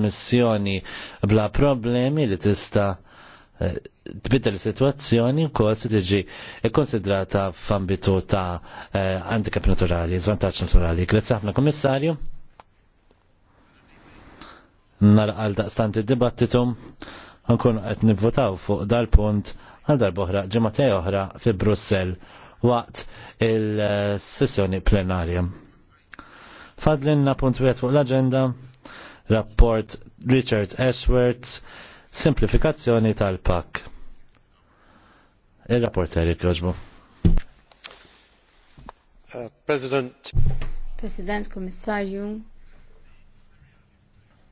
missjoni bla problemi li tista' eh, tbiddel situazzjoni u se tiġi ikkonsidrata f'ambitu ta' handicap eh, naturali, żvantaġġ naturali. Grazzi ħafna Kummissarju. Nara għal daqstant id-dibattitu nkun qed nivvotaw fuq dal-punt għal darboħra ġematej oħra fi Brussell waqt il-sessjoni eh, plenarja. Fadlinna punt wieħed fuq l-aġenda rapport Richard Ashworth, simplifikazzjoni tal-pak. Il-rapport Erik Joġbu. Uh, President. President, Komissarju,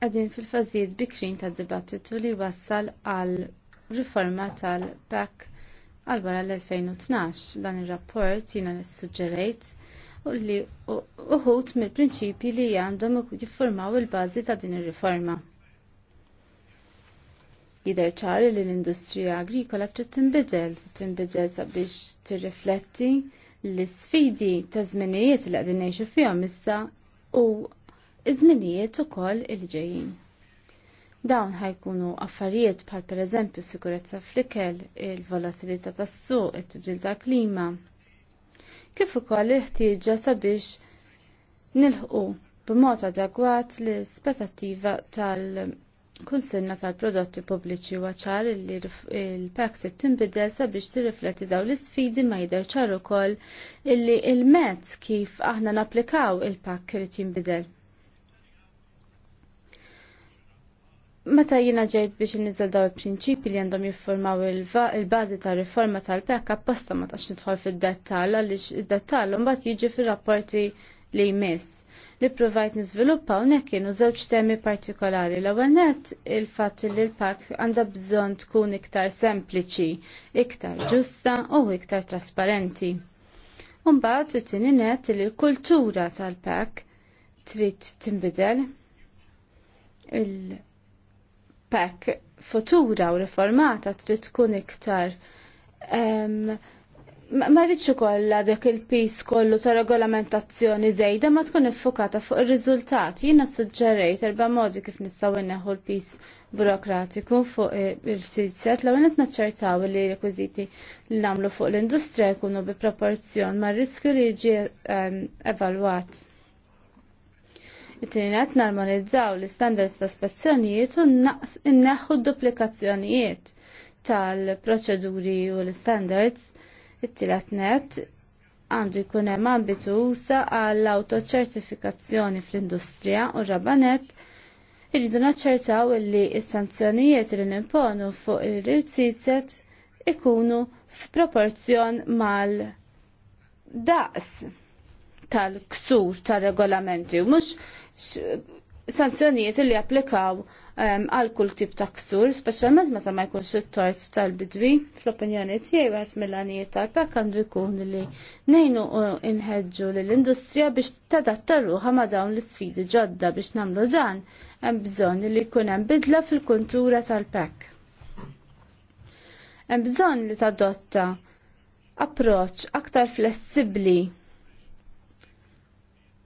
għadin fil-fazijiet bikrin ta' dibattitu li wassal għal riforma tal-PAC għal wara l-2012. Dan il-rapport jina nissuġġerejt li uħut mill-prinċipji li għandhom jiffurmaw il-bażi ta' din ir-riforma. Jidher ċari li l-industrija agrikola trid tinbidel, tinbidel sabiex tirrifletti l-sfidi ta' żminijiet li qegħdin ngħixu fihom issa u iż-żminijiet ukoll il-ġejjin. Dawn ħajkunu affarijiet bħal pereżempju s-sikurezza fl-ikel, il-volatilità tas-suq, it-tibdil tal-klima, kif ukoll il-ħtieġa sabiex nilħqu b'mod adegwat l-ispettattiva tal-kunsinna tal-prodotti pubbliċi u ċar li l-Brexit tinbidel sabiex tirrifletti daw l-isfidi ma jidher ċar ukoll illi il-mezz kif aħna napplikaw il-pakk li jinbidel. Meta jiena ġejt biex nizzel daw il-prinċipi li għandhom jiffurmaw il-bazi ta' riforma tal pec apposta ma tax nidħol fil-dettal, għaliex id-dettal mbagħad jiġi fir-rapporti li jmiss. Li provajt niżviluppa hawnhekk kienu żewġ temi partikolari. L-ewwel net il-fatt li l pac għandha bżonn tkun iktar sempliċi, iktar ġusta u iktar trasparenti. Mbagħad it-tieni net li l-kultura tal pec trid tinbidel il- pek futura u riformata trid tkun iktar ma rridx ukoll dak il-pis kollu ta' regolamentazzjoni żejda ma tkun iffukata fuq ir-riżultati. Jiena suġġerejt erba' modi kif nistgħu inneħħu l-pis burokratiku fuq il-sizzet l qed naċċertaw li r-rekwiżiti li nagħmlu fuq l-industrija jkunu bi proporzjon mar riskju li jiġi evalwat it tinet normalizzaw l istandards ta' spezzjonijiet u naqs inneħħu duplikazzjonijiet tal-proċeduri u l istandards it-tielet net għandu jkun hemm ambitu usa għall autoċertifikazzjoni fl-industrija u rabanet irridu naċċertaw li s-sanzjonijiet li nimponu fuq il rizzizet ikunu f'proporzjon mal-daqs tal-ksur tal-regolamenti u mhux sanzjonijiet li applikaw ehm, għal kull tip ta' ksur, speċjalment meta ma jkunx it-tort tal-bidwi, fl-opinjoni tiegħi wieħed mill-għanijiet tal-pak għandu jkun li ngħinu u inħeġġu lill-industrija biex tadatta ruħha ma' dawn l-isfidi ġodda biex nagħmlu dan hemm bżonn li jkun hemm bidla fil-kuntura tal pek Hemm bżonn li tadotta approċċ aktar flessibbli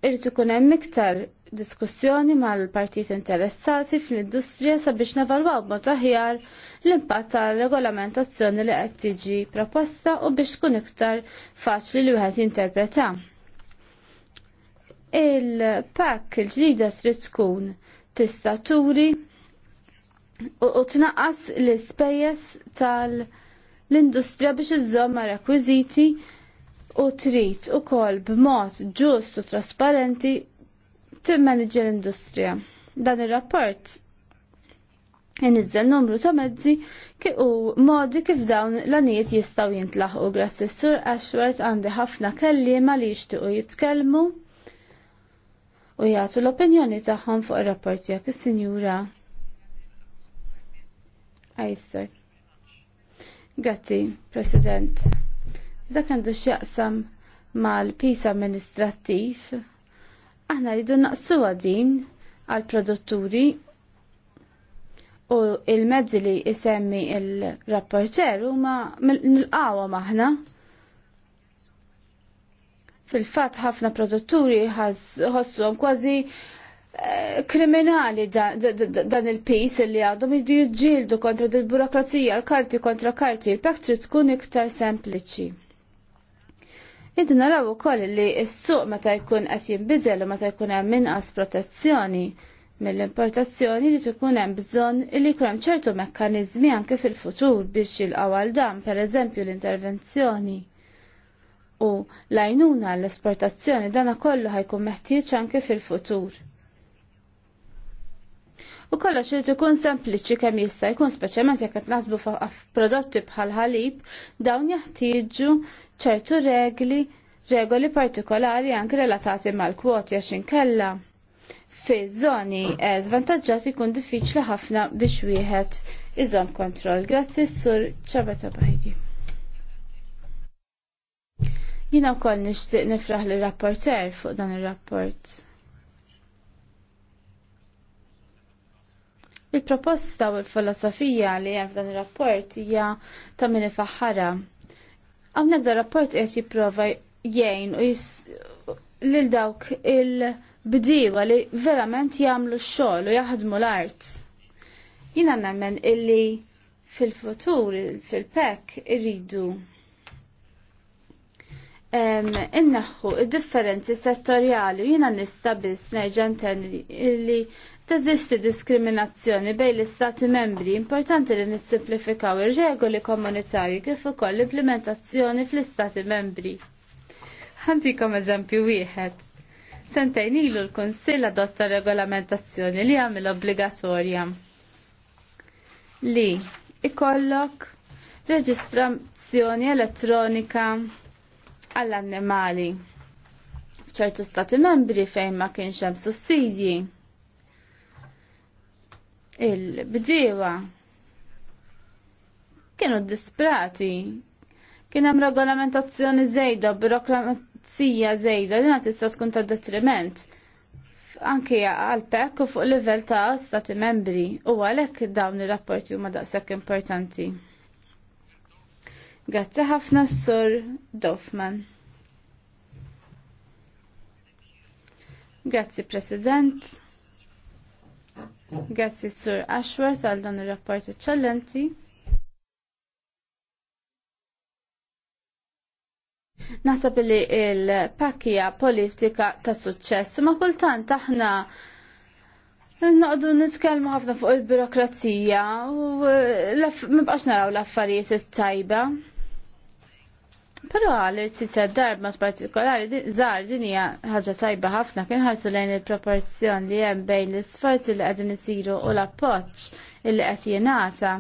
irid ikun hemm iktar diskussjoni mal partijiet interessati fl-industrija sabiex navalwaw b'mod aħjar l-impatt tal-regolamentazzjoni li qed tiġi proposta u biex tkun iktar faċli li wieħed jinterpreta. Il-pak il-ġdida trid tkun tista' turi u tnaqqas l-ispejjeż tal-industrija biex iżżomm ma' rekwiżiti u trid ukoll b'mod ġust u trasparenti timmanagġi l-industrija. Dan ir-rapport jenizzel numru ta' mezzi u modi kif dawn l-anijiet jistaw jintlaħu grazzi s-sur għaxwert għandi ħafna kellima li jixtiqu jitkellmu u jgħatu l-opinjoni tagħhom fuq ir-rapport jekk is-sinjura. Ajster. Grazzi, President. Dak għandu x'jaqsam mal pisa amministrattiv Aħna rridu naqsuha din għall produtturi u il-mezzi li isemmi il-rapporter huma qawa maħna. Fil-fatt ħafna produtturi ħossuhom kważi eh, kriminali dan il-pis li għadhom jiddu jġildu kontra dil-burokrazija, l-karti kontra karti, il pektri tkun iktar sempliċi. Nidu naraw ukoll li s-suq meta jkun qed jinbidel u meta jkun hemm minqas protezzjoni mill-importazzjoni li tkun hemm bżonn li jkun hemm ċertu mekkaniżmi anke fil-futur biex jilqgħu għal dan, pereżempju l-intervenzjoni. U l-għajnuna l-esportazzjoni dana kollu ħajkun meħtieġ anke fil-futur. U kollox irid ikun sempliċi kemm jista' jkun speċjalment jekk qed naħsbu prodotti bħal ħalib dawn jeħtieġu ċertu regli regoli partikolari anke relatati mal-kwoti għax inkella. Fi żoni żvantaġġati e jkun diffiċli ħafna biex wieħed iżom kontroll. Grazzi sur ċabeta bajdi. Jina wkoll nixtieq nifraħ lir rapporter fuq dan ir-rapport. Il-proposta u l-filosofija li hemm f'dan ir-rapport hija ta' min ifaħħara. Hawnhekk dan rapport qed jipprova jgħin u lil dawk il-bdiewa li verament jagħmlu x-xogħol u jaħdmu l-art. Jiena nemmen illi fil-futur fil-pek irridu inneħħu differenzi settorjali jina nista biss nerġan li teżisti diskriminazzjoni bejn l-istati membri importanti li nissimplifikaw ir-regoli komunitarji kif ukoll l-implementazzjoni fl-istati membri. Ħantikom eżempju wieħed. Sentejn ilu l-Kunsill adotta regolamentazzjoni li għamil obbligatorja li ikollok reġistrazzjoni elettronika għall-annimali. F'ċertu stati membri fejn ma kienx hemm sussidji. Il-bġiewa kienu disprati. Kien hemm regolamentazzjoni żejda, birokrazija żejda, li tista' tkun ta' detriment anke għal-pek u fuq livell ta' stati membri u għalhekk dawn ir-rapporti huma daqshekk importanti. Grazzi ħafna s-sur Dofman. Grazzi President. Grazzi Sur Ashworth għal dan il-rapport eccellenti. Nasab li il-pakkija politika ta' suċċess ma' kultant aħna Naqdu nitkellmu ħafna fuq il-birokrazija u mibqax naraw l-affarijiet it-tajba. Però għal-irsi darb ma partikolari zar din hija ħaġa tajba ħafna kien ħarsu lejn il-proporzjon li hemm bejn l-isforzi li qegħdin isiru u l-appoġġ illi qed jingħata.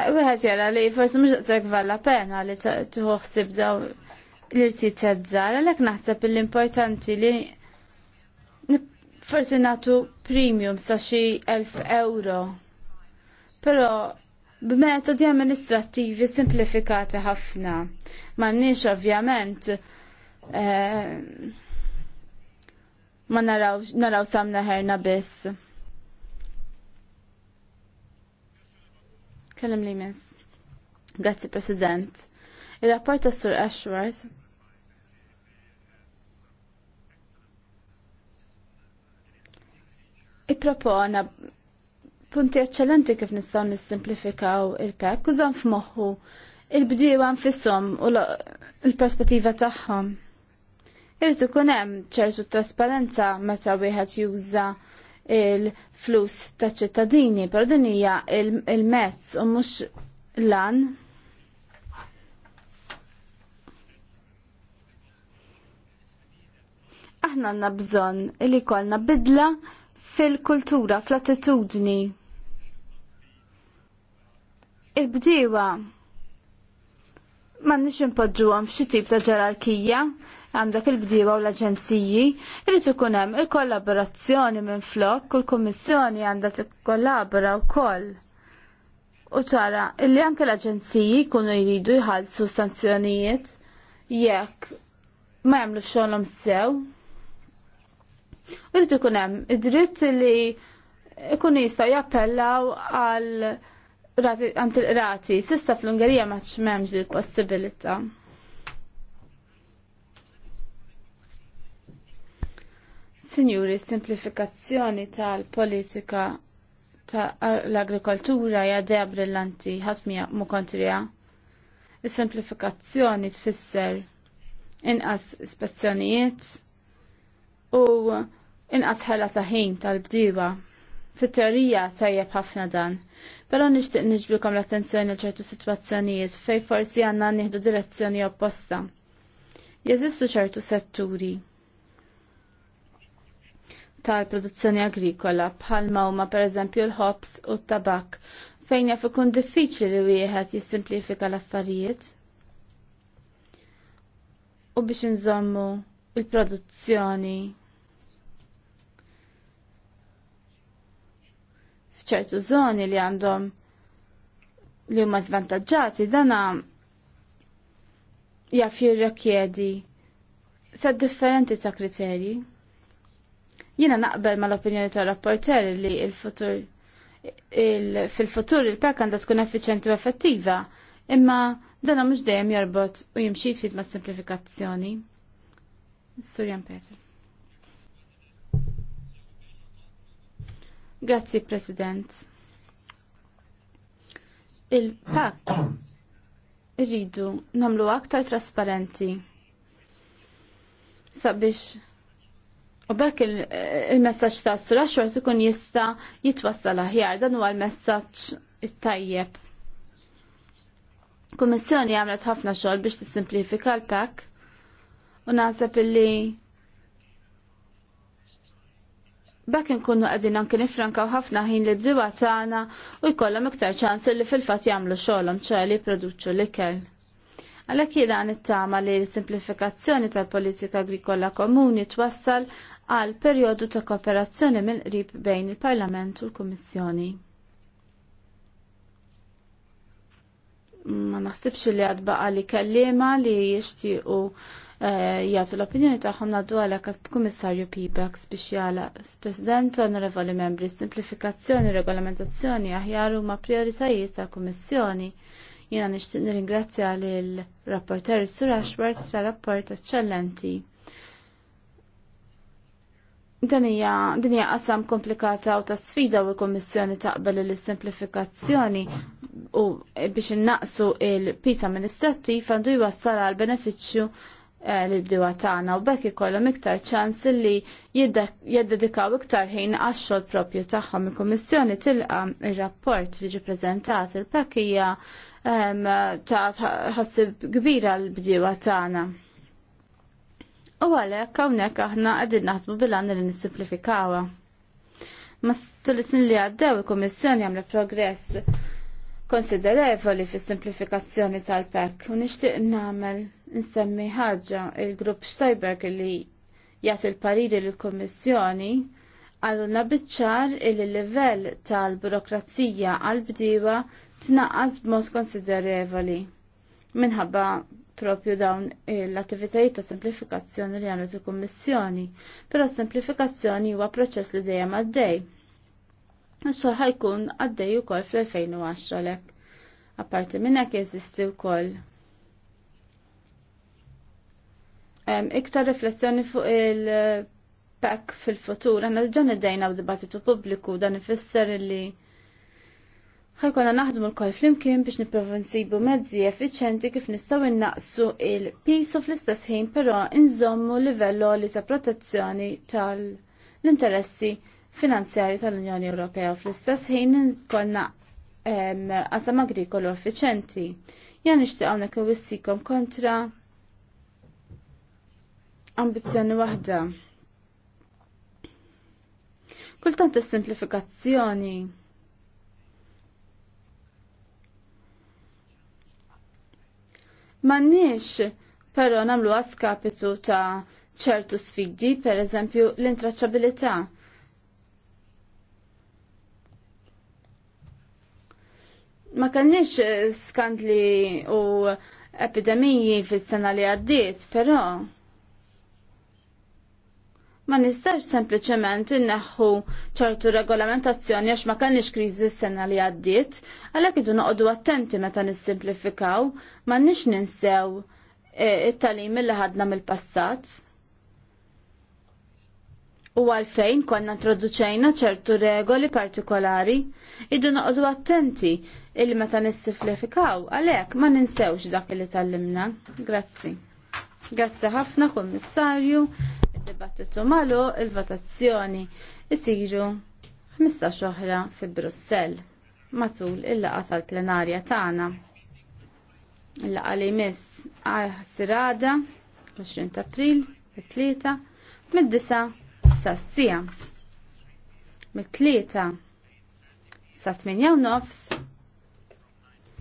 Eh, wieħed jara li forsi mhux daqshekk valla pena li tħossib daw l-irsi tezzar, għalhekk naħseb l-importanti li forsi nagħtu premium sa xi elf euro. Però b'metodi amministrattivi simplifikati ħafna. M'għandniex ovvjament eh, ma naraw, naraw samna ħerna biss. Kellem li miss. Grazzi President. Il-rapport ta' Sur Ashworth i propona punti eccellenti kif nistgħu nissimplifikaw il-pek, użan f'moħħu il-bdiewa fissom u l-perspettiva tagħhom. Irid ikun hemm ċertu trasparenza meta wieħed juża il-flus ta' ċittadini, però din hija il-mezz u mhux lan. Aħna għandna bżonn li jkollna bidla fil-kultura, fl-attitudni il-bdiewa m'għandniex impoġġuhom f'xi tip ta' ġerarkija għandek il bdiwa u l-aġenziji, Irid ikun hemm il-kollaborazzjoni minn flok u l-Kummissjoni għandha tikkollabora wkoll. U ċara, illi anke l-aġenziji jkunu jridu jħallsu sanzjonijiet jekk ma jagħmlu xogħolhom sew. Irrid ikun hemm id-dritt li ikunu jistgħu jappellaw għal rati għant il-rati, sissa fl-Ungerija maċ memġ li possibilita. Sinjuri, simplifikazzjoni tal-politika tal-agrikoltura jadeja brillanti, ħasmija mukontrija. Is-simplifikazzjoni tfisser inqas spazzjonijiet u inqas ħela taħin tal-bdiba fit-teorija tajjeb ħafna dan. Però nixtieq niġbilkom l-attenzjoni ċertu sitwazzjonijiet fej forsi għandna nieħdu direzzjoni opposta. Jeżistu ċertu setturi tal-produzzjoni agrikola bħalma huma pereżempju l-ħobs u t-tabak fejn jaf ikun diffiċli li wieħed jissimplifika l-affarijiet. U biex nżommu il-produzzjoni f'ċertu zoni li għandhom li huma zvantaġġati dana jaf jirrakjedi sa' differenti ta' kriterji. Jiena naqbel ma l-opinjoni ta' rapporter li il-futur il, futur fil il-pek għandha tkun effiċenti u effettiva, imma dana mhux dejjem jarbot u jimxi jitfit ma' simplifikazzjoni. Surjan Peter. Grazzi, President. Il-pak rridu namlu aktar trasparenti sabiex u bekk il-messaġġ ta' sura xorti kun jista' jitwassal aħjar dan huwa l-messaġġ it-tajjeb. Kummissjoni għamlet ħafna xogħol biex tissimplifika l-pak u naħseb illi Bekk inkunu qegħdin anki nifrankaw ħafna ħin li bdiba tagħna u jkollhom iktar ċans li fil-fatt jagħmlu xogħolhom ċe li jipproduċu l-ikel. Għalhekk jiena nittama li l-simplifikazzjoni tal-politika agrikola komuni twassal għal perjodu ta' kooperazzjoni mill-qrib bejn il-Parlament u l-Kummissjoni. Ma naħsibx li baqa li kellima li jixtiequ Eh, jagħtu l-opinjoni tagħhom ngħaddu għalhekk kummissarju Pibax biex s President onorevoli membri, simplifikazzjoni regolamentazzjoni aħjar huma prioritajiet ta' kummissjoni. Jiena nixtieq nirringrazzja lill rapporter Sur Ashworth tal-rapport eċċellenti. Dan hija din hija qasam komplikata u ta' sfida u l-Kummissjoni taqbel il-simplifikazzjoni u biex innaqsu il pisa amministrattiv għandu jwassal għal benefiċċju Eh, l-bdiwa tagħna u bekk ikollhom iktar ċans li jiddedikaw iktar ħin għax-xogħol propju tagħhom. Il-Kummissjoni tilqa il rapport li ġi preżentat il-pakkija ta' ħassib kbira l-bdiwa tagħna. U għalhekk hawnhekk aħna qegħdin naħdmu bil-għan li nisimplifikawa. Ma tulisni li għaddew il-Kummissjoni għamlet progress konsiderevoli fis-simplifikazzjoni tal-pekk u nixtieq nagħmel nsemmi ħaġa il-grupp Steiberg li jagħti il pariri l-Kummissjoni għalluna biċċar il livell tal-burokrazija għal-bdiewa tnaqqas b'mod konsiderevoli minħabba propju dawn l-attivitajiet ta' semplifikazzjoni li għamlet il-Kummissjoni, però semplifikazzjoni huwa proċess li dejjem għaddej. xogħol ħajkun għaddej ukoll fl-2010 lek. Apparti minn hekk jeżisti wkoll iktar riflessjoni fuq il pack fil-futur. Għanna ġan id-dajna b'dibattitu publiku dan ifisser li ħajkonna naħdmu l-koll flimkien biex niprofa nsibu mezzi effiċenti kif nistaw innaqsu il-pisu fl-istess ħin però nżommu livello li ta' protezzjoni tal-interessi finanzjari tal-Unjoni Ewropea u fl-istess ħin konna qasam agrikolu effiċenti. Jan nixtieq hawnhekk kontra ambizzjoni waħda. Kultant is-simplifikazzjoni Mannix, pero namlu għaskapitu ta' ċertu sfidi, per eżempju, l-intraċabilità. Ma kenniex skandli u epidemiji fis-sena li għaddiet, pero ma nistax sempliċement inneħħu ċertu regolamentazzjoni għax ma kellniex kriżi s-sena li għaddiet, għalhekk idu noqogħdu attenti meta nissimplifikaw, m'għandniex ninsew e, it-talim li ħadna mill-passat. U għalfejn konna introduċejna ċertu regoli partikolari, idu noqogħdu attenti illi meta nissimplifikaw, għalhekk ma ninsewx dak li tallimna. Grazzi. Grazzi ħafna, Kummissarju. Dibattitu malu il-votazzjoni isiru 15 oħra fi Brussell matul il-laqa tal-plenarja tagħna. Il-laqa li jmiss għal sirada 20 April fit-tlieta mid-disa sassija. Mit-tlieta sa' 8 nofs